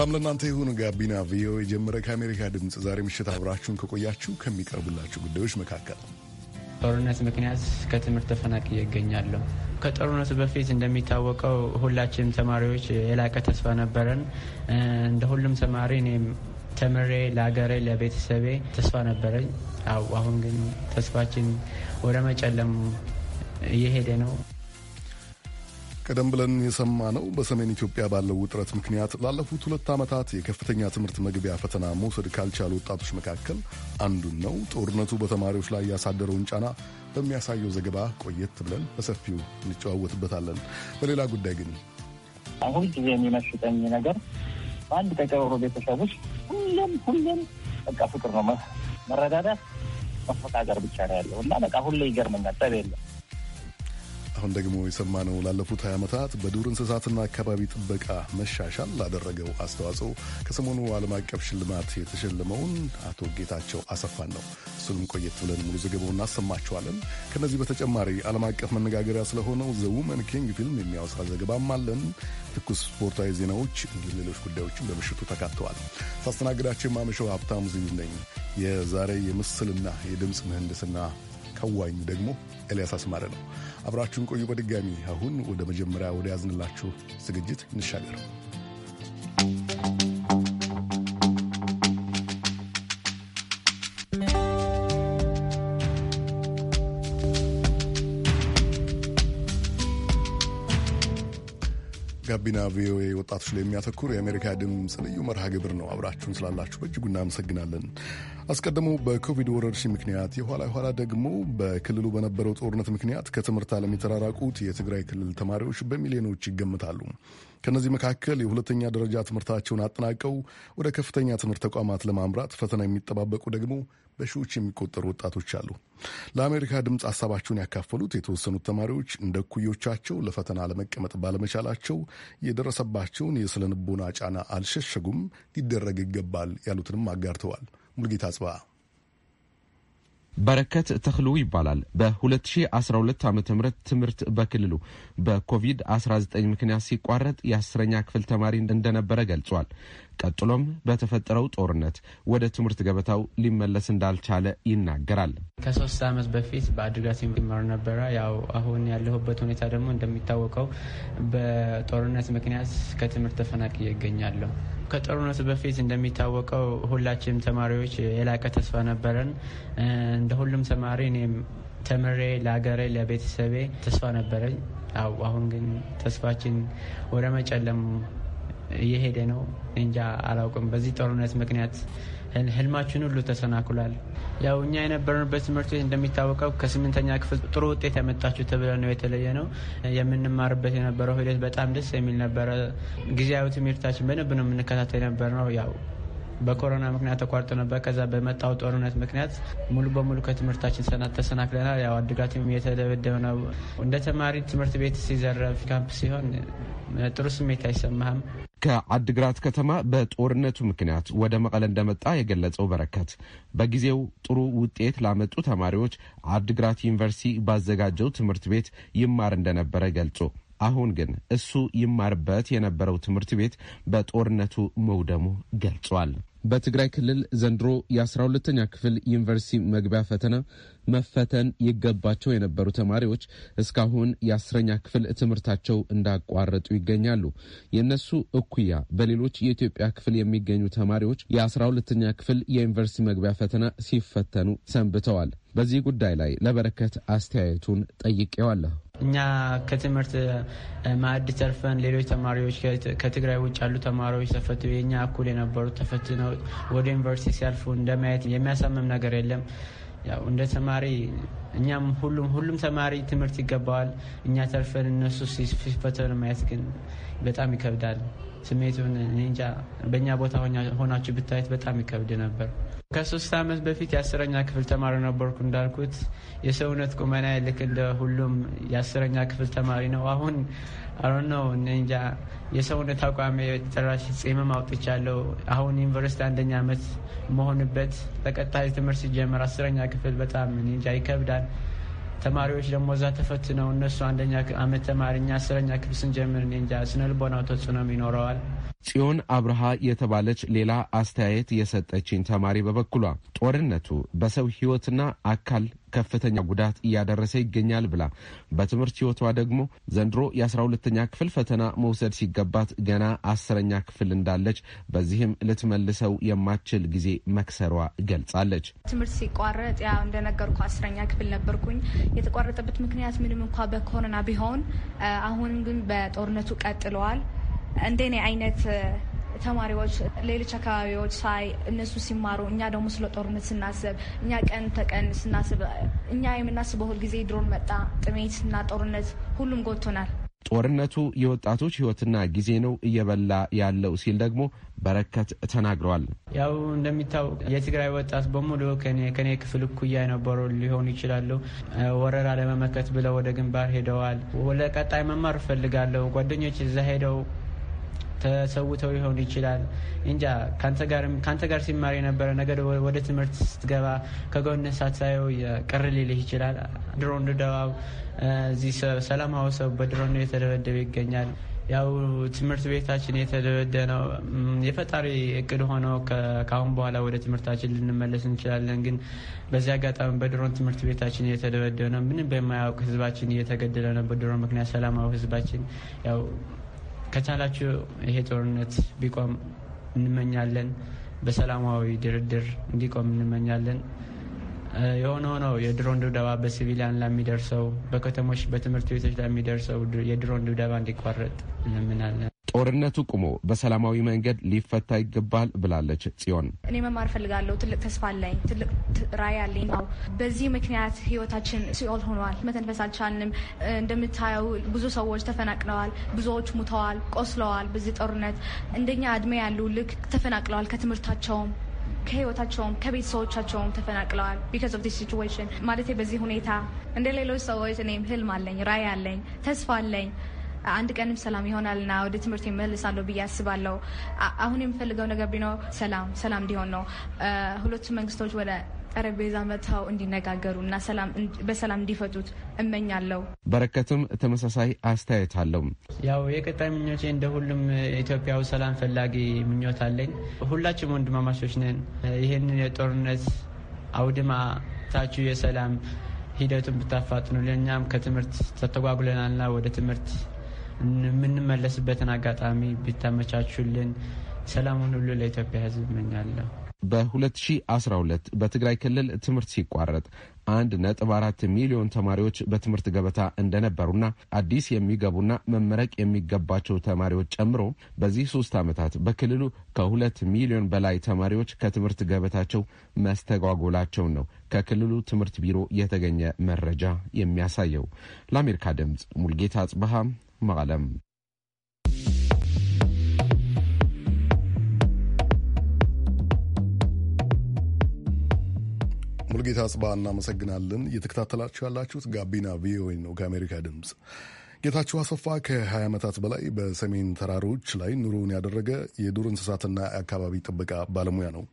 ሰላም ለእናንተ ይሁን። ጋቢና ቪኦኤ ጀመረ። ከአሜሪካ ድምፅ ዛሬ ምሽት አብራችሁን ከቆያችሁ ከሚቀርቡላችሁ ጉዳዮች መካከል ጦርነት ምክንያት ከትምህርት ተፈናቅዬ ይገኛለሁ። ከጦርነቱ በፊት እንደሚታወቀው ሁላችንም ተማሪዎች የላቀ ተስፋ ነበረን። እንደ ሁሉም ተማሪ እኔም ተምሬ ለሀገሬ ለቤተሰቤ ተስፋ ነበረኝ። አሁን ግን ተስፋችን ወደ መጨለም እየሄደ ነው። ቀደም ብለን የሰማነው በሰሜን ኢትዮጵያ ባለው ውጥረት ምክንያት ላለፉት ሁለት ዓመታት የከፍተኛ ትምህርት መግቢያ ፈተና መውሰድ ካልቻሉ ወጣቶች መካከል አንዱን ነው። ጦርነቱ በተማሪዎች ላይ ያሳደረውን ጫና በሚያሳየው ዘገባ ቆየት ብለን በሰፊው እንጨዋወትበታለን። በሌላ ጉዳይ ግን አሁን ጊዜ የሚመስጠኝ ነገር በአንድ ቀጨሮ ቤተሰቦች ሁሌም ሁሌም በቃ ፍቅር ነው፣ መረዳዳት፣ መፈቃቀር ብቻ ነው ያለው እና በቃ ሁሌ ይገርመኛል። ጠብ የለም አሁን ደግሞ የሰማነው ላለፉት 20 ዓመታት በዱር እንስሳትና አካባቢ ጥበቃ መሻሻል ላደረገው አስተዋጽኦ ከሰሞኑ ዓለም አቀፍ ሽልማት የተሸለመውን አቶ ጌታቸው አሰፋን ነው። እሱንም ቆየት ብለን ሙሉ ዘገባው እናሰማችኋለን። ከነዚህ በተጨማሪ ዓለም አቀፍ መነጋገሪያ ስለሆነው ዘውመን ኪንግ ፊልም የሚያወሳ ዘገባም አለን። ትኩስ ስፖርታዊ ዜናዎች እንዲሁም ሌሎች ጉዳዮችም በምሽቱ ተካተዋል። ሳስተናግዳቸው የማመሸው ሀብታሙ ዝዩ ነኝ። የዛሬ የምስልና የድምፅ ምህንድስና ከዋኙ ደግሞ ኤልያስ አስማረ ነው። አብራችሁን ቆዩ። በድጋሚ አሁን ወደ መጀመሪያ ወደ ያዝንላችሁ ዝግጅት እንሻገር። ጋቢና ቪኦኤ ወጣቶች ላይ የሚያተኩር የአሜሪካ ድምፅ ልዩ መርሃ ግብር ነው። አብራችሁን ስላላችሁ በእጅጉ እናመሰግናለን። አስቀድሞ በኮቪድ ወረርሽኝ ምክንያት የኋላ የኋላ ደግሞ በክልሉ በነበረው ጦርነት ምክንያት ከትምህርት ዓለም የተራራቁት የትግራይ ክልል ተማሪዎች በሚሊዮኖች ይገምታሉ። ከእነዚህ መካከል የሁለተኛ ደረጃ ትምህርታቸውን አጠናቀው ወደ ከፍተኛ ትምህርት ተቋማት ለማምራት ፈተና የሚጠባበቁ ደግሞ በሺዎች የሚቆጠሩ ወጣቶች አሉ። ለአሜሪካ ድምፅ ሀሳባቸውን ያካፈሉት የተወሰኑት ተማሪዎች እንደ እኩዮቻቸው ለፈተና ለመቀመጥ ባለመቻላቸው የደረሰባቸውን የስነ ጫና አልሸሸጉም፣ ሊደረግ ይገባል ያሉትንም አጋርተዋል። ሙልጌታ ጽባ በረከት ተክሉ ይባላል። በ2012 ዓ ም ትምህርት በክልሉ በኮቪድ-19 ምክንያት ሲቋረጥ የአስረኛ ክፍል ተማሪ እንደነበረ ገልጿል። ቀጥሎም በተፈጠረው ጦርነት ወደ ትምህርት ገበታው ሊመለስ እንዳልቻለ ይናገራል። ከሶስት ዓመት በፊት በአድግራት ይማር ነበረ። ያው አሁን ያለሁበት ሁኔታ ደግሞ እንደሚታወቀው በጦርነት ምክንያት ከትምህርት ተፈናቅዬ ይገኛለሁ። ከጦርነቱ በፊት እንደሚታወቀው ሁላችንም ተማሪዎች የላቀ ተስፋ ነበረን። እንደ ሁሉም ተማሪ እኔም ተምሬ ለሀገሬ ለቤተሰቤ ተስፋ ነበረኝ። አሁን ግን ተስፋችን ወደ መጨለም እየሄደ ነው። እንጃ አላውቅም በዚህ ጦርነት ምክንያት ህልማችን ሁሉ ተሰናክሏል። ያው እኛ የነበርንበት ትምህርት ቤት እንደሚታወቀው ከስምንተኛ ክፍል ጥሩ ውጤት ያመጣችሁ ተብለ ነው የተለየ ነው። የምንማርበት የነበረው ሂደት በጣም ደስ የሚል ነበረ። ጊዜያዊ ትምህርታችን በደንብ ነው የምንከታተል ነበር ነው ያው በኮሮና ምክንያት ተቋርጦ ነበር። ከዛ በመጣው ጦርነት ምክንያት ሙሉ በሙሉ ከትምህርታችን ሰናት ተሰናክለናል። ያው አድጋትም እየተደበደበ ነው። እንደ ተማሪ ትምህርት ቤት ሲዘረፍ ካምፕ ሲሆን ጥሩ ስሜት አይሰማህም። ከአድግራት ከተማ በጦርነቱ ምክንያት ወደ መቀለ እንደመጣ የገለጸው በረከት በጊዜው ጥሩ ውጤት ላመጡ ተማሪዎች አድግራት ዩኒቨርሲቲ ባዘጋጀው ትምህርት ቤት ይማር እንደነበረ ገልጾ አሁን ግን እሱ ይማርበት የነበረው ትምህርት ቤት በጦርነቱ መውደሙ ገልጿል። በትግራይ ክልል ዘንድሮ የ12ተኛ ክፍል ዩኒቨርሲቲ መግቢያ ፈተና መፈተን ይገባቸው የነበሩ ተማሪዎች እስካሁን የአስረኛ ክፍል ትምህርታቸው እንዳቋረጡ ይገኛሉ። የእነሱ እኩያ በሌሎች የኢትዮጵያ ክፍል የሚገኙ ተማሪዎች የአስራ ሁለተኛ ክፍል የዩኒቨርሲቲ መግቢያ ፈተና ሲፈተኑ ሰንብተዋል። በዚህ ጉዳይ ላይ ለበረከት አስተያየቱን ጠይቄዋለሁ። እኛ ከትምህርት ማዕድ ተርፈን ሌሎች ተማሪዎች ከትግራይ ውጭ ያሉ ተማሪዎች ተፈት የእኛ እኩል የነበሩ ተፈትነው ወደ ዩኒቨርሲቲ ሲያልፉ እንደማየት የሚያሳምም ነገር የለም። ያው እንደ ተማሪ እኛም ሁሉም ሁሉም ተማሪ ትምህርት ይገባዋል። እኛ ተርፈን እነሱ ሲፈተኑ ማየት ግን በጣም ይከብዳል። ስሜቱን እኔ እንጃ። በእኛ ቦታ ሆናችሁ ብታየት በጣም ይከብድ ነበር። ከሶስት ዓመት በፊት የአስረኛ ክፍል ተማሪ ነበርኩ። እንዳልኩት የሰውነት ቁመና ልክ እንደ ሁሉም የአስረኛ ክፍል ተማሪ ነው። አሁን አሁን እንጃ የሰውነት አቋሚ ጭራሽ ጺምም አውጥቻለሁ። አሁን ዩኒቨርሲቲ አንደኛ ዓመት መሆንበት በቀጣይ ትምህርት ሲጀመር አስረኛ ክፍል በጣም እንጃ ይከብዳል። ተማሪዎች ደግሞ እዛ ተፈትነው እነሱ አንደኛ ዓመት ተማሪ እኛ አስረኛ ክፍል ስንጀምር እንጃ ስነልቦናው ተጽዕኖም ይኖረዋል። ጽዮን አብርሃ የተባለች ሌላ አስተያየት የሰጠችኝ ተማሪ በበኩሏ ጦርነቱ በሰው ሕይወትና አካል ከፍተኛ ጉዳት እያደረሰ ይገኛል ብላ በትምህርት ሕይወቷ ደግሞ ዘንድሮ የአስራ ሁለተኛ ክፍል ፈተና መውሰድ ሲገባት ገና አስረኛ ክፍል እንዳለች በዚህም ልትመልሰው የማትችል ጊዜ መክሰሯ ገልጻለች። ትምህርት ሲቋረጥ ያው እንደነገርኩ አስረኛ ክፍል ነበርኩኝ። የተቋረጠበት ምክንያት ምንም እንኳ በኮሮና ቢሆን አሁን ግን በጦርነቱ ቀጥለዋል። እንደኔ አይነት ተማሪዎች ሌሎች አካባቢዎች ሳይ እነሱ ሲማሩ እኛ ደግሞ ስለ ጦርነት ስናስብ እኛ ቀን ተቀን ስናስብ እኛ የምናስበው ሁል ጊዜ ድሮን መጣ ጥሜት እና ጦርነት ሁሉም ጎቶናል ጦርነቱ የወጣቶች ሕይወትና ጊዜ ነው እየበላ ያለው ሲል ደግሞ በረከት ተናግረዋል። ያው እንደሚታወቅ የትግራይ ወጣት በሙሉ ከኔ ክፍል እኩያ የነበሩ ሊሆኑ ይችላሉ። ወረራ ለመመከት ብለው ወደ ግንባር ሄደዋል። ለቀጣይ መማር እፈልጋለሁ። ጓደኞች እዛ ሄደው ተሰውተው ሊሆን ይችላል። እንጃ ከአንተ ጋር ሲማር የነበረ ነገር ወደ ትምህርት ስትገባ ከጎነ ሳትሳየው ቅር ሊልህ ይችላል። ድሮን ድብደባው እዚህ ሰላማዊ ሰው በድሮን የተደበደበ ይገኛል። ያው ትምህርት ቤታችን የተደበደ ነው። የፈጣሪ እቅድ ሆኖ ከአሁን በኋላ ወደ ትምህርታችን ልንመለስ እንችላለን። ግን በዚህ አጋጣሚ በድሮን ትምህርት ቤታችን የተደበደ ነው። ምንም በማያውቅ ህዝባችን እየተገደለ ነው በድሮን ምክንያት ሰላማዊ ህዝባችን ያው ከቻላችሁ ይሄ ጦርነት ቢቆም እንመኛለን። በሰላማዊ ድርድር እንዲቆም እንመኛለን። የሆነ ሆኖ የድሮን ድብደባ በሲቪሊያን ላይ የሚደርሰው በከተሞች በትምህርት ቤቶች ላይ የሚደርሰው የድሮን ድብደባ እንዲቋረጥ እንለምናለን። ጦርነቱ ቁሞ በሰላማዊ መንገድ ሊፈታ ይገባል ብላለች ጽዮን። እኔ መማር ፈልጋለሁ። ትልቅ ተስፋ አለኝ። ትልቅ ራዕይ አለኝ ነው። በዚህ ምክንያት ህይወታችን ሲኦል ሆኗል። መተንፈስ አልቻልንም። እንደምታየው ብዙ ሰዎች ተፈናቅለዋል። ብዙዎች ሙተዋል፣ ቆስለዋል። በዚህ ጦርነት እንደኛ እድሜ ያሉ ልክ ተፈናቅለዋል። ከትምህርታቸውም ከህይወታቸውም ከቤተሰቦቻቸውም ተፈናቅለዋል። ቢካዝ ኦፍ ዲስ ሲቹዌሽን ማለት በዚህ ሁኔታ እንደ ሌሎች ሰዎች እኔም ህልም አለኝ፣ ራዕይ አለኝ፣ ተስፋ አለኝ። አንድ ቀንም ሰላም ይሆናልና ወደ ትምህርት ይመልሳለሁ ብዬ አስባለሁ። አሁን የምፈልገው ነገር ቢኖር ሰላም ሰላም እንዲሆን ነው። ሁለቱ መንግስቶች ወደ ጠረጴዛ መጥተው እንዲነጋገሩ እና በሰላም እንዲፈቱት እመኛለሁ። በረከትም ተመሳሳይ አስተያየት አለው። ያው የቀጣይ ምኞቴ እንደ ሁሉም ኢትዮጵያዊ ሰላም ፈላጊ ምኞት አለኝ። ሁላችንም ወንድማማቾች ነን። ይህንን የጦርነት አውድማ ታችሁ የሰላም ሂደቱን ብታፋጥኑ ለእኛም ከትምህርት ተተጓጉለናልና ወደ ትምህርት የምንመለስበትን አጋጣሚ ቢታመቻቹልን ሰላሙን ሁሉ ለኢትዮጵያ ሕዝብ እመኛለሁ። በ2012 በትግራይ ክልል ትምህርት ሲቋረጥ አንድ ነጥብ አራት ሚሊዮን ተማሪዎች በትምህርት ገበታ እንደነበሩና አዲስ የሚገቡና መመረቅ የሚገባቸው ተማሪዎች ጨምሮ በዚህ ሶስት ዓመታት በክልሉ ከሁለት ሚሊዮን በላይ ተማሪዎች ከትምህርት ገበታቸው መስተጓጎላቸውን ነው ከክልሉ ትምህርት ቢሮ የተገኘ መረጃ የሚያሳየው። ለአሜሪካ ድምፅ ሙልጌታ አጽበሃ መቐለም ሙልጌታ ጽባ እናመሰግናለን። እየተከታተላችሁ ያላችሁት ጋቢና ቪኦኤ ነው ከአሜሪካ ድምፅ ጌታቸው አሰፋ ከ20 ዓመታት በላይ በሰሜን ተራሮች ላይ ኑሮውን ያደረገ የዱር እንስሳትና የአካባቢ ጥበቃ ባለሙያ ነው።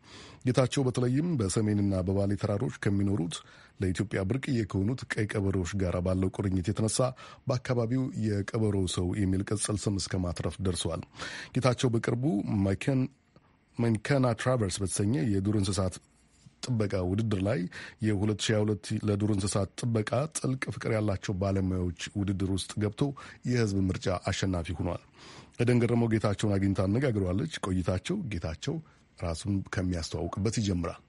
ጌታቸው በተለይም በሰሜንና በባሌ ተራሮች ከሚኖሩት ለኢትዮጵያ ብርቅዬ ከሆኑት ቀይ ቀበሮዎች ጋር ባለው ቁርኝት የተነሳ በአካባቢው የቀበሮ ሰው የሚል ቅጽል ስም እስከ ማትረፍ ደርሷል። ጌታቸው በቅርቡ መንከና ትራቨርስ በተሰኘ የዱር እንስሳት ጥበቃ ውድድር ላይ የ2022 ለዱር እንስሳት ጥበቃ ጥልቅ ፍቅር ያላቸው ባለሙያዎች ውድድር ውስጥ ገብቶ የህዝብ ምርጫ አሸናፊ ሆኗል። ኤደን ገረመው ጌታቸውን አግኝታ አነጋግረዋለች። ቆይታቸው ጌታቸው ራሱን ከሚያስተዋውቅበት ይጀምራል።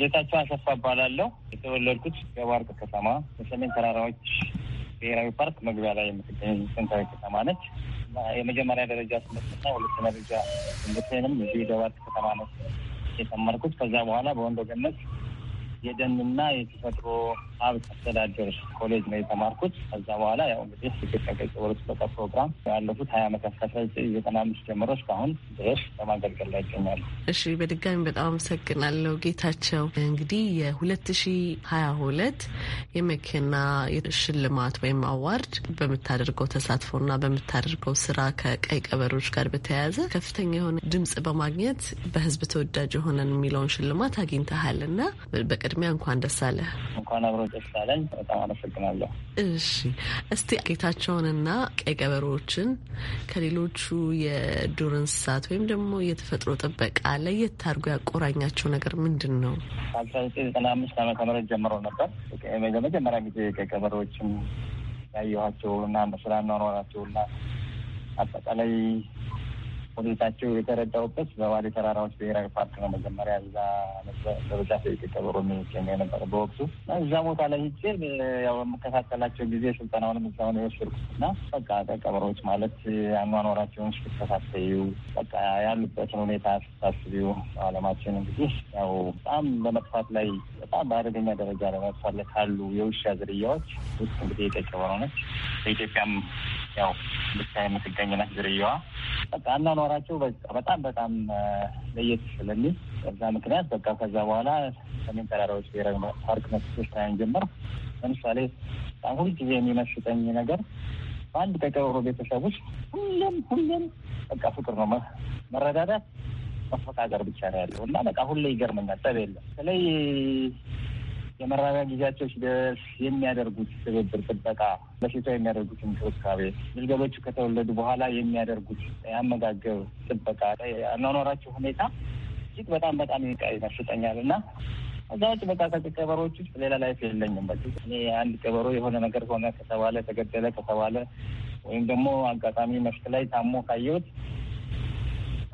ጌታቸው አሰፋ እባላለሁ። የተወለድኩት ደባርቅ ከተማ በሰሜን ተራራዎች ብሔራዊ ፓርክ መግቢያ ላይ የምትገኝ ጥንታዊ ከተማ ነች። የመጀመሪያ ደረጃ ትምህርትና ሁለተኛ ደረጃ ትምህርትንም እዚህ ደባርቅ ከተማ ነች የሰመርኩት። ከዛ በኋላ በወንዶ ገነት የደንና የተፈጥሮ ሀብት አስተዳደር ኮሌጅ ነው የተማርኩት። ከዛ በኋላ ያው እንግዲህ ኢትዮጵያ ቀይ ቀበሮች ጥበቃ ፕሮግራም ያለፉት ሀያ ዓመታት ዘጠና አምስት ጀምሮ እስካሁን ድረስ በማገልገል ላይ ይገኛሉ። እሺ፣ በድጋሚ በጣም አመሰግናለሁ ጌታቸው። እንግዲህ የሁለት ሺ ሀያ ሁለት የመኪና ሽልማት ወይም አዋርድ በምታደርገው ተሳትፎና በምታደርገው ስራ ከቀይ ቀበሮች ጋር በተያያዘ ከፍተኛ የሆነ ድምጽ በማግኘት በህዝብ ተወዳጅ የሆነን የሚለውን ሽልማት አግኝተሃል እና በቅድሚያ እንኳን ደስ አለ። እንኳን አብሮ ደስ አለኝ። በጣም አመሰግናለሁ። እሺ፣ እስቲ ጌታቸውንና ቀይ ቀበሮዎችን ከሌሎቹ የዱር እንስሳት ወይም ደግሞ የተፈጥሮ ጥበቃ ለየት አድርጎ ያቆራኛቸው ነገር ምንድን ነው? አስራ ዘጠኝ ዘጠና አምስት ዓመተ ምህረት ጀምሮ ነበር ለመጀመሪያ ጊዜ ቀይ ቀበሮዎችን ያየኋቸውና ስራ እናኖራቸውና አጠቃላይ ሁኔታቸው የተረዳውበት በባሌ ተራራዎች ብሔራዊ ፓርክ ነው። መጀመሪያ እዛ በብዛ ሰይቅ ቀበሮ የሚገኘ የነበረ በወቅቱ እዛ ቦታ ላይ ሂጄ ያው የምከታተላቸው ጊዜ ስልጠናውንም እዛው ነው የወሰድኩት እና በቃ ቀበሮዎች ማለት አኗኗራቸውን ስትከታተዩ በቃ ያሉበትን ሁኔታ ስታስቢው አለማችን እንግዲህ ያው በጣም በመጥፋት ላይ በጣም በአደገኛ ደረጃ ለመጥፋት ላይ ካሉ የውሻ ዝርያዎች ውስጥ እንግዲህ የቀይ ቀበሮ ነች። በኢትዮጵያም ያው ብቻ የምትገኝነት ዝርያዋ በቃ እናኖራቸው በጣም በጣም ለየት ስለሚል በዛ ምክንያት በቃ ከዛ በኋላ ሰሜን ተራራዎች ብሔራዊ ፓርክ መስሶች ታያን ጀምር። ለምሳሌ በጣም ጊዜ የሚመስጠኝ ነገር በአንድ ቀቀሮ ቤተሰቦች ሁሌም ሁሌም በቃ ፍቅር ነው፣ መረዳዳት፣ መፈቃቀር ብቻ ነው ያለው እና በቃ ሁሌ ይገርመኛል። ጠብ የለም በተለይ የመራቢያ ጊዜያቸው ሲደርስ የሚያደርጉት ትብብር፣ ጥበቃ፣ በሴቷ የሚያደርጉት እንክብካቤ፣ ግልገሎቹ ከተወለዱ በኋላ የሚያደርጉት የአመጋገብ ጥበቃ፣ አኗኗራቸው ሁኔታ እጅግ በጣም በጣም ይቃ ይመስጠኛል እና እዛ ውጭ በቃ ከቀበሮች ውስጥ ሌላ ላይፍ የለኝም። በ እኔ አንድ ቀበሮ የሆነ ነገር ሆነ ከተባለ ተገደለ ከተባለ ወይም ደግሞ አጋጣሚ መስክ ላይ ታሞ ካየሁት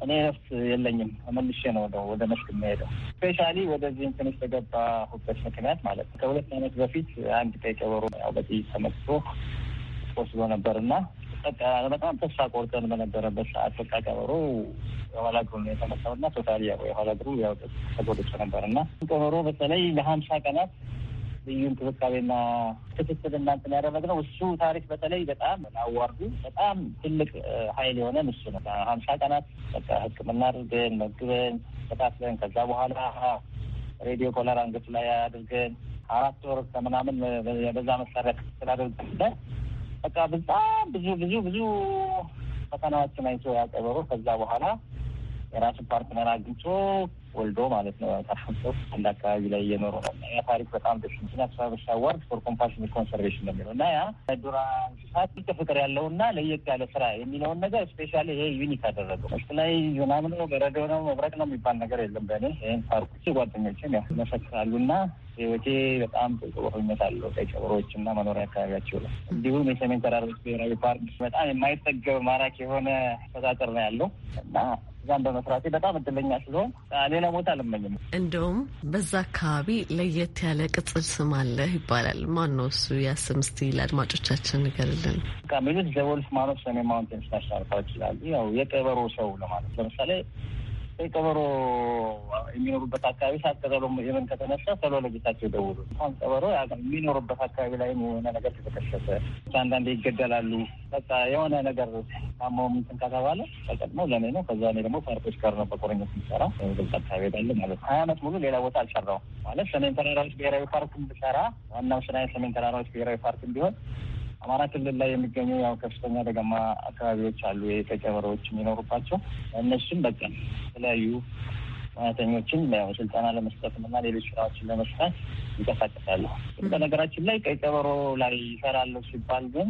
እኔ እረፍት የለኝም። መልሼ ነው ወደ ወደ መስክ የሚሄደው ስፔሻሊ ወደዚህ እንትን ውስጥ የገባሁበት ምክንያት ማለት ነው። ከሁለት ዓመት በፊት አንድ ቀይ ቀበሮ ያው በጥይት ተመትቶ ቆስሎ ነበር እና በጣም ተስፋ ቆርጠን በነበረበት ሰዓት በቃ ቀበሮ የኋላ እግሩ ነው የተመታው እና ቶታሊ የኋላ እግሩ ያው ተጎድቶ ነበር እና ቀበሮ በተለይ ለሀምሳ ቀናት ልዩ እንክብካቤና ክትትል እናንትን ያደረግነው እሱ ታሪክ በተለይ በጣም አዋርዱ በጣም ትልቅ ኃይል የሆነ እሱ ነው። ሀምሳ ቀናት በቃ ሕክምና አድርገን መግበን ከታትለን ከዛ በኋላ ሬዲዮ ኮለር አንገት ላይ አድርገን አራት ወር ከምናምን በዛ መሳሪያ ክትትል አድርገን በቃ በጣም ብዙ ብዙ ብዙ ፈተናዎችን አይቶ ያቀበሩ ከዛ በኋላ የራሱን ፓርትነር አግኝቶ ወልዶ ማለት ነው ጣፋቸው አንድ አካባቢ ላይ እየኖሩ ነው። ያ ታሪክ በጣም ደስ ሚል አስራበሻ ዋርድ ፎር ኮምፓሽን ኮንሰርቬሽን ነው የሚለው እና ያ ዱራ እንስሳት ልቅ ፍቅር ያለው እና ለየት ያለ ስራ የሚለውን ነገር ስፔሻሊ ይሄ ዩኒክ አደረገው። ውስጥ ላይ ዩናም ነው በረዶ ነው መብረቅ ነው የሚባል ነገር የለም። በእኔ ይህን ፓርኮች ጓደኞችም ያው ይመሰክራሉ እና ህይወቴ በጣም ጥቁርነት አለው ቀይ ጨበሮች እና መኖሪያ አካባቢያቸው ላይ እንዲሁም የሰሜን ተራሮች ብሔራዊ ፓርክ በጣም የማይጠገብ ማራኪ የሆነ ተጣጥር ነው ያለው እና እዛም በመስራቴ በጣም እድለኛ ስለሆን ሌላ ሌላ ቦታ አልመኝም። እንደውም በዛ አካባቢ ለየት ያለ ቅጽል ስም አለ ይባላል። ማን ነው እሱ? ያስም ስም ለአድማጮቻችን ንገርልን። ሚሉት ዘወልፍ ማኖፍ ሰሜን ማውንቴንስ ናሽናል ፓርክ ይላሉ። ያው የቀበሮ ሰው ለማለት ለምሳሌ ቀበሮ የሚኖሩበት አካባቢ ሳቀጠሎ ቀጠሎ የምን ከተነሳ ቶሎ ለጌታቸው ደውሉ። አሁን ቀበሮ የሚኖሩበት አካባቢ ላይ የሆነ ነገር ከተከሰተ አንዳንዴ ይገደላሉ። በቃ የሆነ ነገር ታሞ እንትን ከተባለ ተቀድሞ ለኔ ነው። ከዛ እኔ ደግሞ ፓርቶች ጋር ነው በቁርኝት የሚሰራ ግልጽ አካባቢ ሄዳለ ማለት ነው። ሀያ አመት ሙሉ ሌላ ቦታ አልሰራው ማለት ሰሜን ተራራዎች ብሔራዊ ፓርክ ብሰራ ዋናው ስራ የሰሜን ተራራዎች ብሔራዊ ፓርክ ቢሆን አማራ ክልል ላይ የሚገኙ ያው ከፍተኛ ደጋማ አካባቢዎች አሉ የቀጨበሮዎች የሚኖሩባቸው እነሱም በቃ የተለያዩ ሙያተኞችን ስልጠና ለመስጠትም እና ሌሎች ስራዎችን ለመስራት ይንቀሳቀሳሉ። በነገራችን ላይ ቀይ ቀበሮ ላይ ይሰራለሁ ሲባል ግን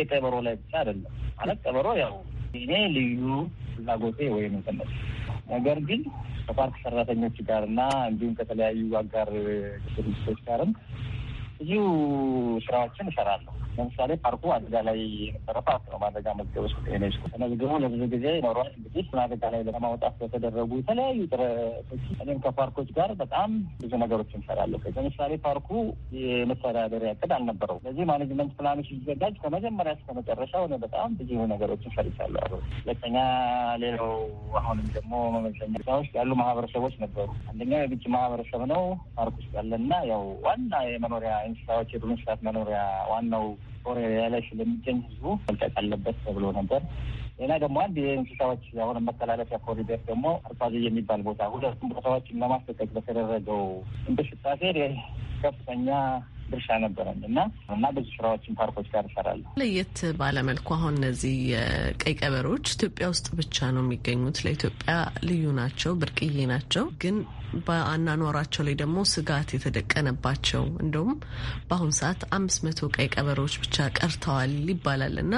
የቀበሮ ላይ ብቻ አይደለም ማለት ቀበሮ ያው እኔ ልዩ ፍላጎቴ ወይም እንትነት ነገር ግን ከፓርክ ሰራተኞች ጋር እና እንዲሁም ከተለያዩ አጋር ድርጅቶች ጋርም ብዙ ስራዎችን እሰራለሁ። ለምሳሌ ፓርኩ አደጋ ላይ የነበረ ፓርክ ነው። በአደጋ መዝገብ ውስጥ ዩኔስኮ ተመዝግቦ ለብዙ ጊዜ ኖሯል። እንግዲህ አደጋ ላይ ለማውጣት በተደረጉ የተለያዩ ጥረቶች እኔም ከፓርኮች ጋር በጣም ብዙ ነገሮች እንሰራለሁ። ለምሳሌ ፓርኩ የመተዳደሪያ ዕቅድ አልነበረው። ለዚህ ማኔጅመንት ፕላኑ ሲዘጋጅ ከመጀመሪያ እስከ መጨረሻ ሆነ በጣም ብዙ ነገሮችን ሰርቻለሁ። አሁ ሁለተኛ፣ ሌላው አሁንም ደግሞ መመዘኛ ውስጥ ያሉ ማህበረሰቦች ነበሩ። አንደኛው የግጭ ማህበረሰብ ነው ፓርክ ውስጥ ያለና ያው ዋና የመኖሪያ እንስሳዎች ስራዎች በመስራት መኖሪያ ዋናው ኦሬሪያ ላይ ስለሚገኝ ህዝቡ መልቀቅ አለበት ተብሎ ነበር። ሌላ ደግሞ አንድ የእንስሳዎች አሁን መተላለፊያ ኮሪደር ደግሞ አርባዜ የሚባል ቦታ ሁለቱም ቦታዎችን ለማስጠቀቅ በተደረገው እንቅስቃሴ ከፍተኛ ድርሻ ነበረን እና እና ብዙ ስራዎችን ፓርኮች ጋር እሰራለሁ። ለየት ባለመልኩ አሁን እነዚህ የቀይ ቀበሮች ኢትዮጵያ ውስጥ ብቻ ነው የሚገኙት። ለኢትዮጵያ ልዩ ናቸው፣ ብርቅዬ ናቸው ግን በአናኗሯቸው ላይ ደግሞ ስጋት የተደቀነባቸው እንደውም በአሁን ሰዓት አምስት መቶ ቀይ ቀበሮዎች ብቻ ቀርተዋል ይባላል እና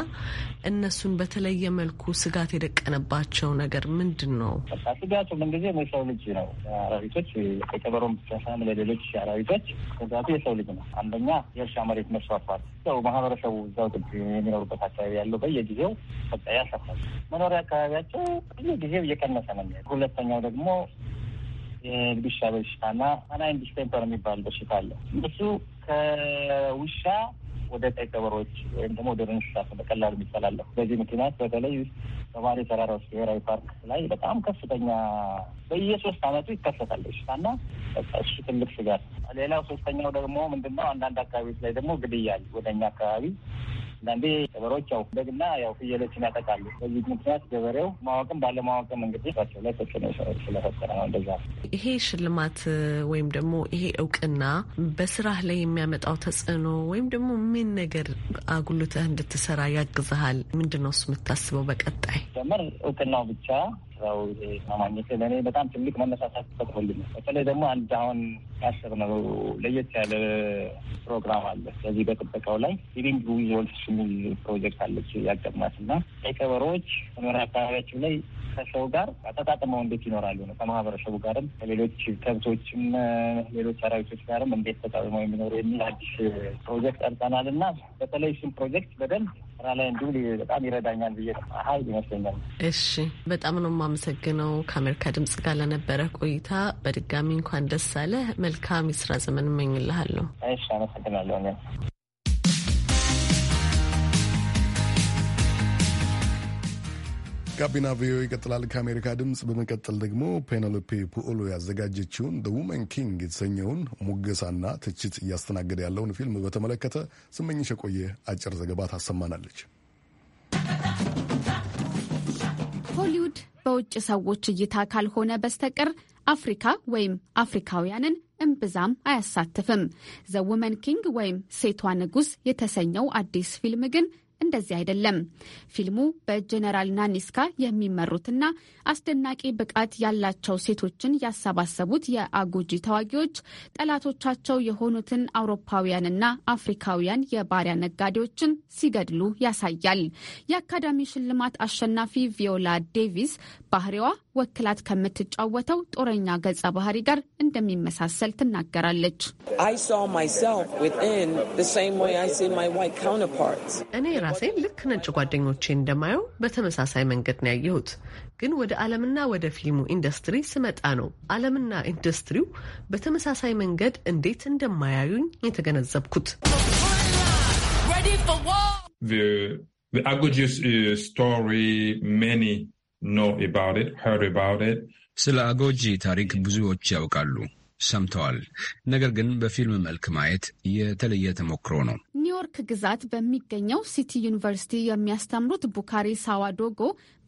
እነሱን በተለየ መልኩ ስጋት የደቀነባቸው ነገር ምንድን ነው? ስጋቱ ምንጊዜ የሰው ልጅ ነው። አራዊቶች የቀበሮን ብቻ ሳይሆን ለሌሎች አራዊቶች ስጋቱ የሰው ልጅ ነው። አንደኛ የእርሻ መሬት መስፋፋት፣ ሰው ማህበረሰቡ እዛው ጥ የሚኖሩበት አካባቢ ያለው በየጊዜው ያሰፋል። መኖሪያ አካባቢያቸው ጊዜው እየቀነሰ ነው። ሁለተኛው ደግሞ በሽታ እና ካናይን ዲስቴምፐር የሚባል በሽታ አለ። እሱ ከውሻ ወደ ቀይ ቀበሮች ወይም ደግሞ ወደ ዱር እንስሳት በቀላሉ የሚተላለፉ በዚህ ምክንያት በተለይ በባሌ ተራራዎች ብሔራዊ ፓርክ ላይ በጣም ከፍተኛ በየሶስት ዓመቱ ይከሰታል በሽታና እሱ ትልቅ ስጋት። ሌላው ሶስተኛው ደግሞ ምንድነው አንዳንድ አካባቢዎች ላይ ደግሞ ግድያል አለ። ወደ እኛ አካባቢ አንዳንዴ ገበሬዎች ያው በግና ያው ፍየሎችን ያጠቃሉ። በዚህ ምክንያት ገበሬው ማወቅም ባለማወቅም እንግዲህ ቸው ላይ ተጽዕኖ ስለፈጠረ ነው እንደዛ። ይሄ ሽልማት ወይም ደግሞ ይሄ እውቅና በስራህ ላይ የሚያመጣው ተጽዕኖ ወይም ደግሞ ምን ነገር አጉልተህ እንድትሰራ ያግዝሃል? ምንድን ነው እሱ የምታስበው በቀጣይ? ጀመር እውቅናው ብቻ ስራው ማማኘት ለእኔ በጣም ትልቅ መነሳሳት ፈጥሮልኝ፣ በተለይ ደግሞ አንድ አሁን ነው ለየት ያለ ፕሮግራም አለ። ስለዚህ በጥበቃው ላይ ሊቪንግ ዊዝ ወልፍስ የሚል ፕሮጀክት አለች ያቀድናት እና ቀበሮዎች መኖሪያ አካባቢያቸው ላይ ከሰው ጋር አጠጣጥመው እንዴት ይኖራሉ ነው ከማህበረሰቡ ጋርም ከሌሎች ከብቶችም ሌሎች አራዊቶች ጋርም እንዴት ተጣጥመው የሚኖሩ የሚል አዲስ ፕሮጀክት ጠርጠናል እና በተለይ እሱም ፕሮጀክት በደንብ ስራ ላይ እንዲሁ በጣም ይረዳኛል ብዬ ሀይል ይመስለኛል። እሺ፣ በጣም ነው የማመሰግነው ከአሜሪካ ድምጽ ጋር ለነበረ ቆይታ። በድጋሚ እንኳን ደስ አለ። መልካም የስራ ዘመን እመኝልሃለሁ። እሺ፣ አመሰግናለሁ። ጋቢና ቪኦኤ ይቀጥላል። ከአሜሪካ ድምፅ በመቀጠል ደግሞ ፔኔሎፔ ፑኦሎ ያዘጋጀችውን ደ ውመን ኪንግ የተሰኘውን ሙገሳና ትችት እያስተናገደ ያለውን ፊልም በተመለከተ ስመኝሽ የቆየ አጭር ዘገባ ታሰማናለች። ሆሊውድ በውጭ ሰዎች እይታ ካልሆነ በስተቀር አፍሪካ ወይም አፍሪካውያንን እምብዛም አያሳትፍም። ዘ ውመን ኪንግ ወይም ሴቷ ንጉሥ የተሰኘው አዲስ ፊልም ግን እንደዚህ አይደለም። ፊልሙ በጀነራል ናኒስካ የሚመሩትና አስደናቂ ብቃት ያላቸው ሴቶችን ያሰባሰቡት የአጎጂ ተዋጊዎች ጠላቶቻቸው የሆኑትን አውሮፓውያንና አፍሪካውያን የባሪያ ነጋዴዎችን ሲገድሉ ያሳያል። የአካዳሚ ሽልማት አሸናፊ ቪዮላ ዴቪስ ባህሪዋ ወክላት ከምትጫወተው ጦረኛ ገጸ ባህሪ ጋር እንደሚመሳሰል ትናገራለች። እኔ ራሴን ልክ ነጭ ጓደኞቼ እንደማየው በተመሳሳይ መንገድ ነው ያየሁት። ግን ወደ ዓለምና ወደ ፊልሙ ኢንዱስትሪ ስመጣ ነው ዓለምና ኢንዱስትሪው በተመሳሳይ መንገድ እንዴት እንደማያዩኝ የተገነዘብኩት። The uh, story, many ስለ አጎጂ ታሪክ ብዙዎች ያውቃሉ፣ ሰምተዋል። ነገር ግን በፊልም መልክ ማየት የተለየ ተሞክሮ ነው። ኒውዮርክ ግዛት በሚገኘው ሲቲ ዩኒቨርሲቲ የሚያስተምሩት ቡካሪ ሳዋዶጎ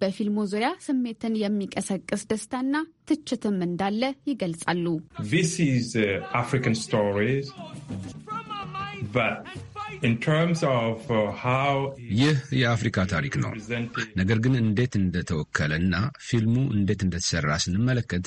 በፊልሙ ዙሪያ ስሜትን የሚቀሰቅስ ደስታና ትችትም እንዳለ ይገልጻሉ። uh, Uh, ይህ የአፍሪካ ታሪክ ነው። ነገር ግን እንዴት እንደተወከለ እና ፊልሙ እንዴት እንደተሰራ ስንመለከት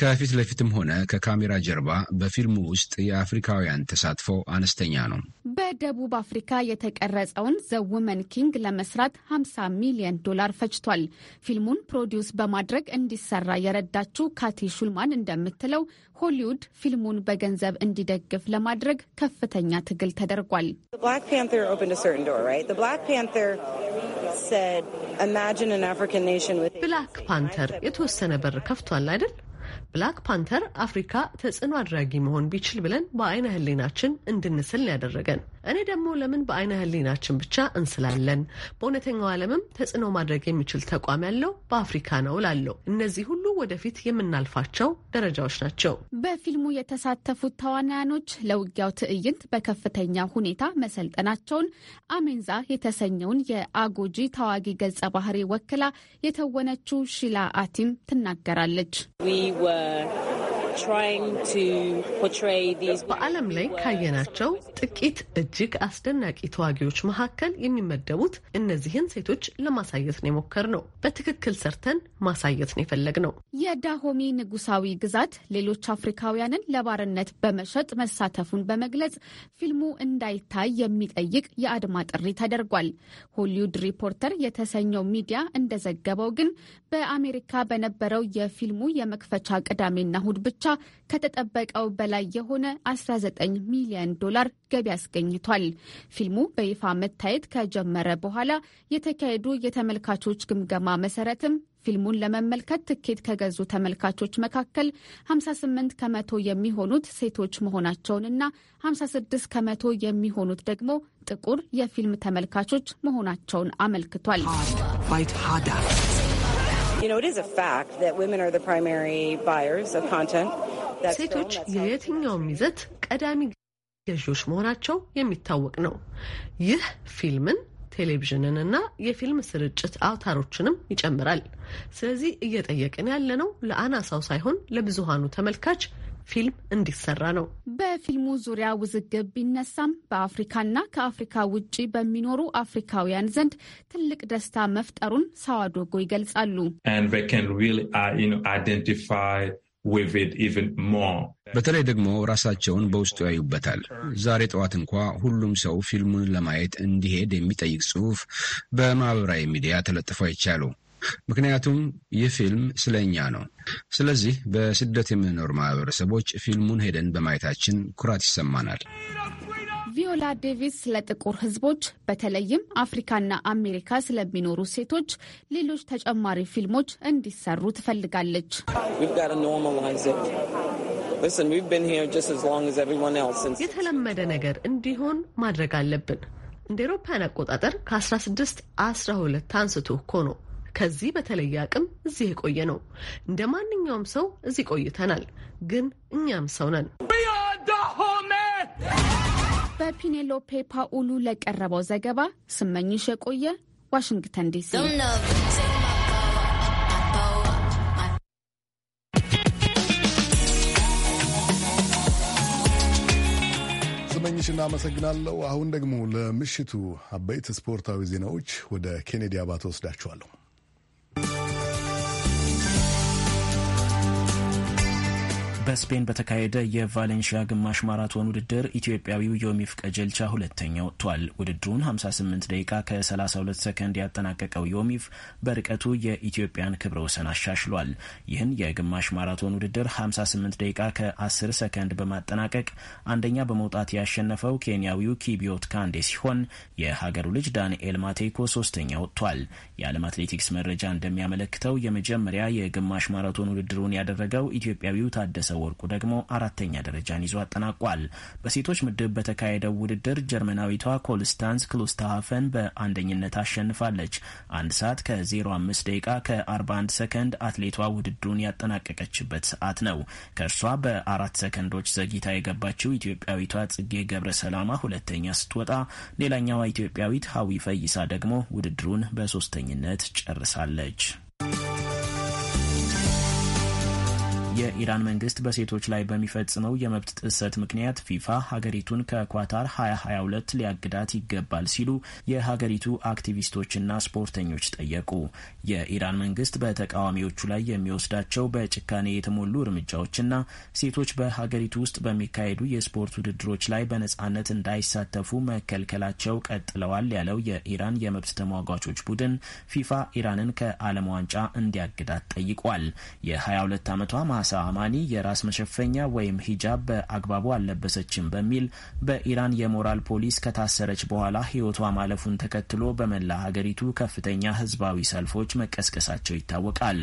ከፊት ለፊትም ሆነ ከካሜራ ጀርባ በፊልሙ ውስጥ የአፍሪካውያን ተሳትፎ አነስተኛ ነው። በደቡብ አፍሪካ የተቀረጸውን ዘ ውመን ኪንግ ለመስራት 50 ሚሊዮን ዶላር ፈጅቷል። ፊልሙን ፕሮዲውስ በማድረግ እንዲሰራ የረዳችው ካቲ ሹልማን እንደምትለው ሆሊውድ ፊልሙን በገንዘብ እንዲደግፍ ለማድረግ ከፍተኛ ትግል ተደርጓል። ብላክ ፓንተር የተወሰነ በር ከፍቷል አይደል? ብላክ ፓንተር አፍሪካ ተጽዕኖ አድራጊ መሆን ቢችል ብለን በአይነ ህሊናችን እንድንስል ያደረገን። እኔ ደግሞ ለምን በአይነ ህሊናችን ብቻ እንስላለን? በእውነተኛው ዓለምም ተጽዕኖ ማድረግ የሚችል ተቋም ያለው በአፍሪካ ነው ላለው እነዚህ ሁሉ ወደፊት የምናልፋቸው ደረጃዎች ናቸው። በፊልሙ የተሳተፉት ተዋናያኖች ለውጊያው ትዕይንት በከፍተኛ ሁኔታ መሰልጠናቸውን አሜንዛ የተሰኘውን የአጎጂ ታዋጊ ገጸ ባህሪ ወክላ የተወነችው ሺላ አቲም ትናገራለች። were በዓለም ላይ ካየናቸው ጥቂት እጅግ አስደናቂ ተዋጊዎች መካከል የሚመደቡት እነዚህን ሴቶች ለማሳየት ነው ነው። በትክክል ሰርተን ማሳየት ነው ነው። የዳሆሚ ንጉሳዊ ግዛት ሌሎች አፍሪካውያንን ለባርነት በመሸጥ መሳተፉን በመግለጽ ፊልሙ እንዳይታይ የሚጠይቅ የአድማ ጥሪ ተደርጓል። ሆሊውድ ሪፖርተር የተሰኘው ሚዲያ እንደዘገበው ግን በአሜሪካ በነበረው የፊልሙ የመክፈቻ ቅዳሜና እሁድ ብቻ ብቻ ከተጠበቀው በላይ የሆነ 19 ሚሊዮን ዶላር ገቢ አስገኝቷል። ፊልሙ በይፋ መታየት ከጀመረ በኋላ የተካሄዱ የተመልካቾች ግምገማ መሰረትም ፊልሙን ለመመልከት ትኬት ከገዙ ተመልካቾች መካከል 58 ከመቶ የሚሆኑት ሴቶች መሆናቸውንና 56 ከመቶ የሚሆኑት ደግሞ ጥቁር የፊልም ተመልካቾች መሆናቸውን አመልክቷል። ሴቶች የየትኛውም ይዘት ቀዳሚ ገዢዎች መሆናቸው የሚታወቅ ነው። ይህ ፊልምን ቴሌቪዥንንና የፊልም ስርጭት አውታሮችንም ይጨምራል። ስለዚህ እየጠየቅን ያለነው ለአናሳው ሳይሆን ለብዙሃኑ ተመልካች ፊልም እንዲሰራ ነው። በፊልሙ ዙሪያ ውዝግብ ቢነሳም በአፍሪካና ከአፍሪካ ውጭ በሚኖሩ አፍሪካውያን ዘንድ ትልቅ ደስታ መፍጠሩን ሳዋዶጎ ይገልጻሉ። uh, በተለይ ደግሞ ራሳቸውን በውስጡ ያዩበታል። ዛሬ ጠዋት እንኳ ሁሉም ሰው ፊልሙን ለማየት እንዲሄድ የሚጠይቅ ጽሑፍ በማህበራዊ ሚዲያ ተለጥፎ አይቻሉ። ምክንያቱም ይህ ፊልም ስለ እኛ ነው። ስለዚህ በስደት የምንኖር ማህበረሰቦች ፊልሙን ሄደን በማየታችን ኩራት ይሰማናል። ቪዮላ ዴቪስ ስለ ጥቁር ህዝቦች በተለይም አፍሪካና አሜሪካ ስለሚኖሩ ሴቶች ሌሎች ተጨማሪ ፊልሞች እንዲሰሩ ትፈልጋለች። የተለመደ ነገር እንዲሆን ማድረግ አለብን። እንደ ኤሮፓያን አቆጣጠር ከ1612 አንስቶ እኮ ነው ከዚህ በተለየ አቅም እዚህ የቆየ ነው። እንደ ማንኛውም ሰው እዚህ ቆይተናል፣ ግን እኛም ሰው ነን። በፒኔሎፔ ፓኡሉ ለቀረበው ዘገባ ስመኝሽ የቆየ ዋሽንግተን ዲሲ። ስመኝሽ እናመሰግናለሁ። አሁን ደግሞ ለምሽቱ አበይት ስፖርታዊ ዜናዎች ወደ ኬኔዲ አባተ ወስዳችኋለሁ። በስፔን በተካሄደ የቫሌንሺያ ግማሽ ማራቶን ውድድር ኢትዮጵያዊው ዮሚፍ ቀጀልቻ ሁለተኛ ወጥቷል። ውድድሩን 58 ደቂቃ ከ32 ሰከንድ ያጠናቀቀው ዮሚፍ በርቀቱ የኢትዮጵያን ክብረ ወሰን አሻሽሏል። ይህን የግማሽ ማራቶን ውድድር 58 ደቂቃ ከ10 ሰከንድ በማጠናቀቅ አንደኛ በመውጣት ያሸነፈው ኬንያዊው ኪቢዮት ካንዴ ሲሆን የሀገሩ ልጅ ዳንኤል ማቴኮ ሶስተኛ ወጥቷል። የዓለም አትሌቲክስ መረጃ እንደሚያመለክተው የመጀመሪያ የግማሽ ማራቶን ውድድሩን ያደረገው ኢትዮጵያዊው ታደሰ ታደሰ ወርቁ ደግሞ አራተኛ ደረጃን ይዞ አጠናቋል። በሴቶች ምድብ በተካሄደው ውድድር ጀርመናዊቷ ኮልስታንስ ክሎስተሃፈን በአንደኝነት አሸንፋለች። አንድ ሰዓት ከ05 ደቂቃ ከ41 ሰከንድ አትሌቷ ውድድሩን ያጠናቀቀችበት ሰዓት ነው። ከእርሷ በአራት ሰከንዶች ዘግይታ የገባችው ኢትዮጵያዊቷ ጽጌ ገብረ ሰላማ ሁለተኛ ስትወጣ፣ ሌላኛዋ ኢትዮጵያዊት ሀዊ ፈይሳ ደግሞ ውድድሩን በሶስተኝነት ጨርሳለች። የኢራን መንግስት በሴቶች ላይ በሚፈጽመው የመብት ጥሰት ምክንያት ፊፋ ሀገሪቱን ከኳታር 2022 ሊያግዳት ይገባል ሲሉ የሀገሪቱ አክቲቪስቶችና ስፖርተኞች ጠየቁ። የኢራን መንግስት በተቃዋሚዎቹ ላይ የሚወስዳቸው በጭካኔ የተሞሉ እርምጃዎችና ሴቶች በሀገሪቱ ውስጥ በሚካሄዱ የስፖርት ውድድሮች ላይ በነጻነት እንዳይሳተፉ መከልከላቸው ቀጥለዋል ያለው የኢራን የመብት ተሟጋቾች ቡድን ፊፋ ኢራንን ከዓለም ዋንጫ እንዲያግዳት ጠይቋል። የ22 ዓመቷ ማሳ አማኒ የራስ መሸፈኛ ወይም ሂጃብ በአግባቡ አልለበሰችም በሚል በኢራን የሞራል ፖሊስ ከታሰረች በኋላ ሕይወቷ ማለፉን ተከትሎ በመላ ሀገሪቱ ከፍተኛ ህዝባዊ ሰልፎች መቀስቀሳቸው ይታወቃል።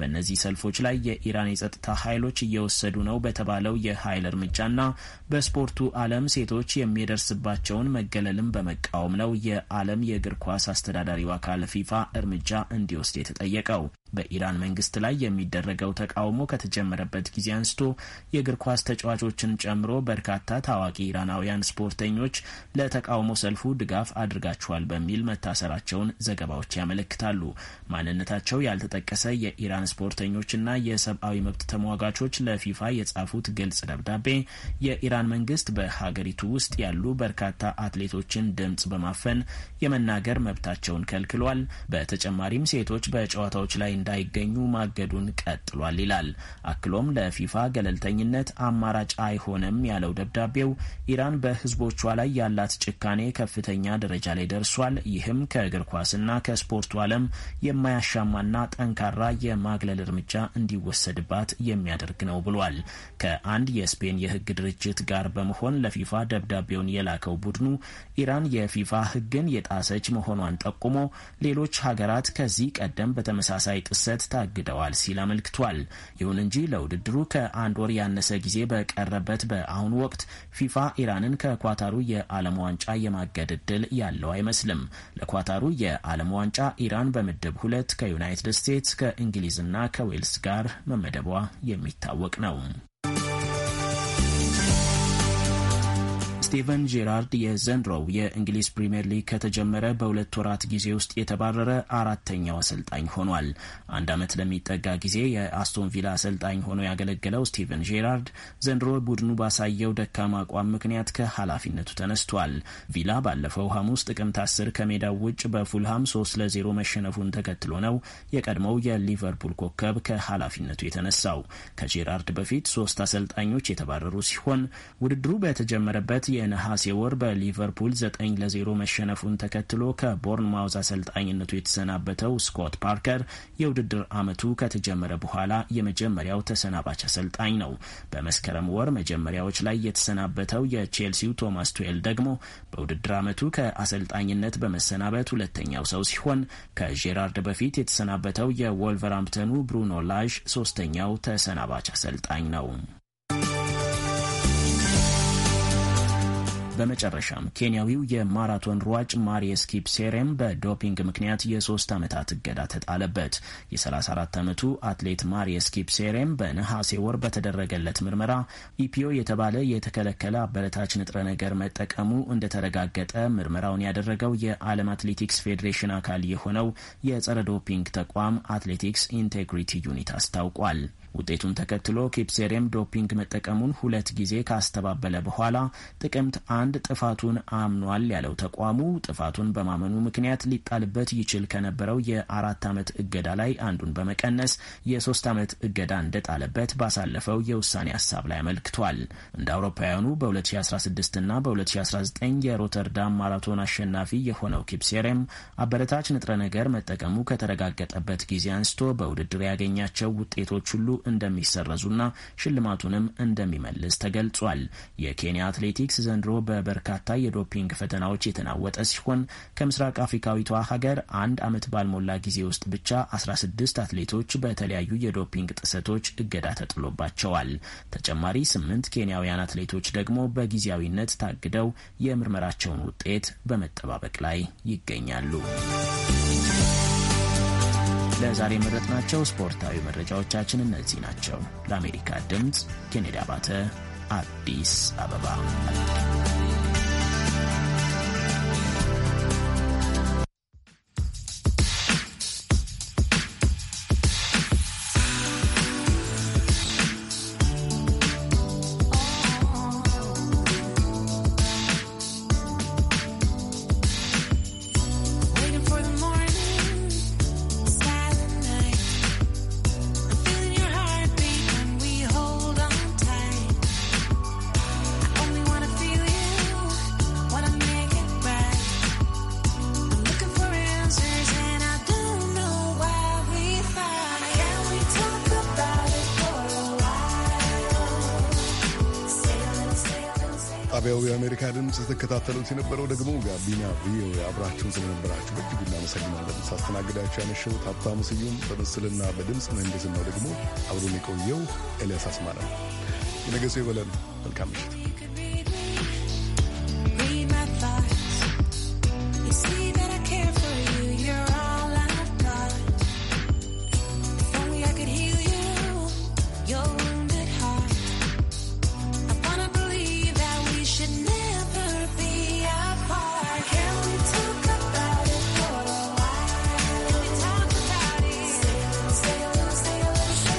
በእነዚህ ሰልፎች ላይ የኢራን የጸጥታ ኃይሎች እየወሰዱ ነው በተባለው የኃይል እርምጃና በስፖርቱ ዓለም ሴቶች የሚደርስባቸውን መገለልም በመቃወም ነው የዓለም የእግር ኳስ አስተዳዳሪው አካል ፊፋ እርምጃ እንዲወስድ የተጠየቀው። በኢራን መንግስት ላይ የሚደረገው ተቃውሞ ከተጀመረበት ጊዜ አንስቶ የእግር ኳስ ተጫዋቾችን ጨምሮ በርካታ ታዋቂ ኢራናውያን ስፖርተኞች ለተቃውሞ ሰልፉ ድጋፍ አድርጋችኋል በሚል መታሰራቸውን ዘገባዎች ያመለክታሉ። ማንነታቸው ያልተጠቀሰ የኢራን ስፖርተኞችና የሰብአዊ መብት ተሟጋቾች ለፊፋ የጻፉት ግልጽ ደብዳቤ የኢራን መንግስት በሀገሪቱ ውስጥ ያሉ በርካታ አትሌቶችን ድምጽ በማፈን የመናገር መብታቸውን ከልክሏል። በተጨማሪም ሴቶች በጨዋታዎች ላይ እንዳይገኙ ማገዱን ቀጥሏል ይላል። አክሎም ለፊፋ ገለልተኝነት አማራጭ አይሆንም ያለው ደብዳቤው ኢራን በህዝቦቿ ላይ ያላት ጭካኔ ከፍተኛ ደረጃ ላይ ደርሷል፣ ይህም ከእግር ኳስና ከስፖርቱ ዓለም የማያሻማና ጠንካራ የማግለል እርምጃ እንዲወሰድባት የሚያደርግ ነው ብሏል። ከአንድ የስፔን የህግ ድርጅት ጋር በመሆን ለፊፋ ደብዳቤውን የላከው ቡድኑ ኢራን የፊፋ ህግን የጣሰች መሆኗን ጠቁሞ ሌሎች ሀገራት ከዚህ ቀደም በተመሳሳይ ጥሰት ታግደዋል ሲል አመልክቷል። ይሁን እንጂ ለውድድሩ ከአንድ ወር ያነሰ ጊዜ በቀረበት በአሁኑ ወቅት ፊፋ ኢራንን ከኳታሩ የዓለም ዋንጫ የማገድ እድል ያለው አይመስልም። ለኳታሩ የዓለም ዋንጫ ኢራን በምድብ ሁለት ከዩናይትድ ስቴትስ ከእንግሊዝና ከዌልስ ጋር መመደቧ የሚታወቅ ነው። ስቲቨን ጄራርድ የዘንድሮው የእንግሊዝ ፕሪምየር ሊግ ከተጀመረ በሁለት ወራት ጊዜ ውስጥ የተባረረ አራተኛው አሰልጣኝ ሆኗል። አንድ ዓመት ለሚጠጋ ጊዜ የአስቶን ቪላ አሰልጣኝ ሆኖ ያገለገለው ስቲቨን ጄራርድ ዘንድሮ ቡድኑ ባሳየው ደካማ አቋም ምክንያት ከኃላፊነቱ ተነስቷል። ቪላ ባለፈው ሐሙስ ጥቅምት አስር ከሜዳው ውጭ በፉልሃም ሶስት ለዜሮ መሸነፉን ተከትሎ ነው የቀድሞው የሊቨርፑል ኮከብ ከኃላፊነቱ የተነሳው። ከጄራርድ በፊት ሶስት አሰልጣኞች የተባረሩ ሲሆን ውድድሩ በተጀመረበት የነሐሴ ወር በሊቨርፑል ለ0 መሸነፉን ተከትሎ ከቦርንማውዝ አሰልጣኝነቱ የተሰናበተው ስኮት ፓርከር የውድድር ዓመቱ ከተጀመረ በኋላ የመጀመሪያው ተሰናባች አሰልጣኝ ነው። በመስከረም ወር መጀመሪያዎች ላይ የተሰናበተው የቼልሲው ቶማስ ቱዌል ደግሞ በውድድር ዓመቱ ከአሰልጣኝነት በመሰናበት ሁለተኛው ሰው ሲሆን ከጄራርድ በፊት የተሰናበተው የወልቨርሃምፕተኑ ብሩኖ ላዥ ሶስተኛው ተሰናባች አሰልጣኝ ነው። በመጨረሻም ኬንያዊው የማራቶን ሯጭ ማሪየስ ኪፕሴሬም በዶፒንግ ምክንያት የሶስት ዓመታት እገዳ ተጣለበት። የ34 ዓመቱ አትሌት ማሪየስ ኪፕሴሬም በነሐሴ ወር በተደረገለት ምርመራ ኢፒዮ የተባለ የተከለከለ አበረታች ንጥረ ነገር መጠቀሙ እንደተረጋገጠ ምርመራውን ያደረገው የዓለም አትሌቲክስ ፌዴሬሽን አካል የሆነው የጸረ ዶፒንግ ተቋም አትሌቲክስ ኢንቴግሪቲ ዩኒት አስታውቋል። ውጤቱን ተከትሎ ኬፕሴሬም ዶፒንግ መጠቀሙን ሁለት ጊዜ ካስተባበለ በኋላ ጥቅምት አንድ ጥፋቱን አምኗል ያለው ተቋሙ ጥፋቱን በማመኑ ምክንያት ሊጣልበት ይችል ከነበረው የአራት ዓመት እገዳ ላይ አንዱን በመቀነስ የሶስት ዓመት እገዳ እንደጣለበት ባሳለፈው የውሳኔ ሀሳብ ላይ አመልክቷል። እንደ አውሮፓውያኑ በ2016 እና በ2019 የሮተርዳም ማራቶን አሸናፊ የሆነው ኬፕሴሬም አበረታች ንጥረ ነገር መጠቀሙ ከተረጋገጠበት ጊዜ አንስቶ በውድድር ያገኛቸው ውጤቶች ሁሉ እንደሚሰረዙና ሽልማቱንም እንደሚመልስ ተገልጿል። የኬንያ አትሌቲክስ ዘንድሮ በበርካታ የዶፒንግ ፈተናዎች የተናወጠ ሲሆን ከምስራቅ አፍሪካዊቷ ሀገር አንድ ዓመት ባልሞላ ጊዜ ውስጥ ብቻ 16 አትሌቶች በተለያዩ የዶፒንግ ጥሰቶች እገዳ ተጥሎባቸዋል። ተጨማሪ ስምንት ኬንያውያን አትሌቶች ደግሞ በጊዜያዊነት ታግደው የምርመራቸውን ውጤት በመጠባበቅ ላይ ይገኛሉ። ለዛሬ የመረጥናቸው ስፖርታዊ መረጃዎቻችን እነዚህ ናቸው። ለአሜሪካ ድምፅ ኬኔዲ አባተ አዲስ አበባ ከአሜሪካ ድምፅ ተከታተሉት የነበረው ደግሞ ጋቢና ቪኦኤ። አብራችሁን ስለነበራችሁ በእጅጉ እናመሰግናለን። ሳስተናግዳችሁ ያመሸሁት ሀብታሙ ስዩም፣ በምስልና በድምፅ ምህንድስናው ደግሞ አብሮን የቆየው ኤልያስ አስማረ የነገ ሰው ይበለን። መልካም ምሽት።